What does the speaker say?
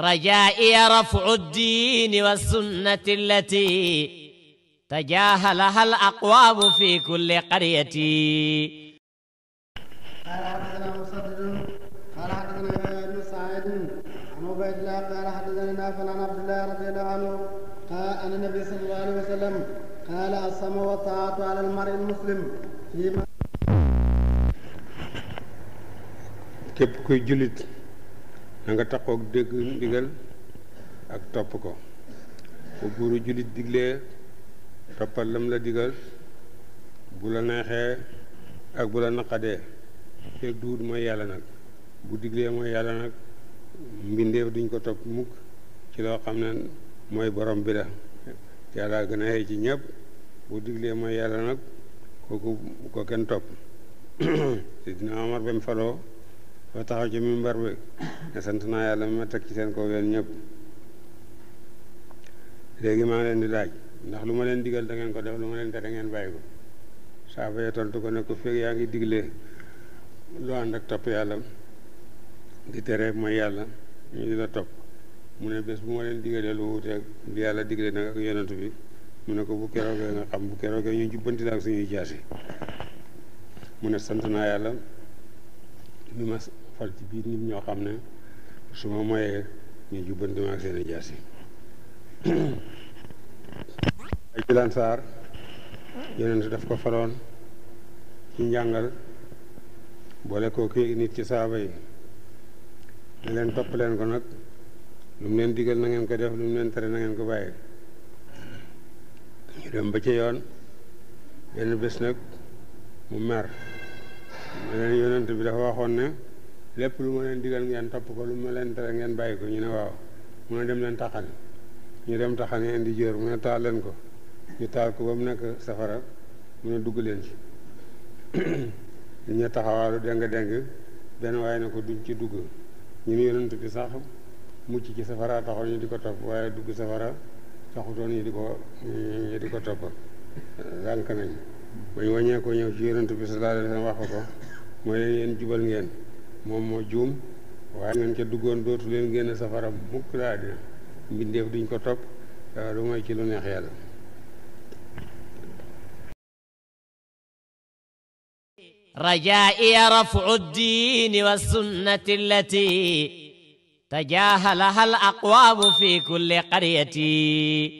رجائي رفع الدين والسنة التي تجاهلها الأقوام في كل قرية قال حدثنا مسدد قال حدثنا يحيى سعيد عن عبيد الله قال حدثنا نافع عن عبد الله رضي الله عنه قال أن النبي صلى الله عليه وسلم قال السمع والطاعة على المرء المسلم فيما كيف كي جلد na nga taxoog dégg ndigal ak topp ko bu buuru jullit diglee toppal lam la digal bu la neexee ak bu la naqadee fekk duut mooy yàlla nag bu diglee mooy yàlla nag mbindeef duñ ko topp mukk ci loo xam ne mooy borom bi la yàlla gën a xëy ci ñëpp bu diglee mooy yàlla nag kooku ko kenn topp Sidina Omar ba mu faloo soo taxaw ci mbar bi ne sant naa yàlla mi ma teg ci seen kaw yéen ñëpp léegi maa ngi leen di laaj ndax lu ma leen digal da ngeen ko def lu ma leen tere ngeen bàyyi ko saaba ya tontu ko ne ko feeg yaa ngi digle lu ànd ak topp yàlla di tere mooy yàlla ñu di la topp mu ne bés bu ma leen digalee lu wuuteeg li yàlla digle nag ak yonent bi mu ne ko bu keroogee nga xam bu keroogee ñu jubbanti la ak suñuy jaasi mu ne sant naa yàlla lu ma fal ci biir nit ñoo xam ne su ma moyee ñu jubbanti ma seen i jaas ay bilan saar yeneen daf ko faloon ci njàngal boole koo kii nit ci saaba yi ne leen topp leen ko nag lu mu leen digal na ngeen ko def lu mu leen tere na ngeen ko bàyyi ñu dem ba ca yoon benn bés nag mu mer mu ne yonent bi dafa waxoon ne lépp lu ma leen digal ngeen topp ko lu ma leen tere ngeen bàyyi ko ñu ne waaw mu ne dem leen taxani ñu dem taxani indi jër mu ne taal leen ko ñu taal ko ba mu nekk safara mu ne dugg leen ci ñu taxawaalu deng deng benn waaye ne ko duñ ci dugg ñu ne yonent bi sax mucc ci safara taxaw ñu di ko topp waaye dugg safara taxutoon ñu di ko ñu di ko topp lànk nañ bañ wàññeekoo ñëw ci yonent bi sallallahu alayhi wax ko ko mooy leen jubal ngeen moom moo juum waaye ngeen ca duggoon dootu leen génn safara mukk laa dina mbindeef duñ ko topp lu mooy ci lu neex yàlla رجائي رفع الدين والسنة التي تجاهلها الأقوام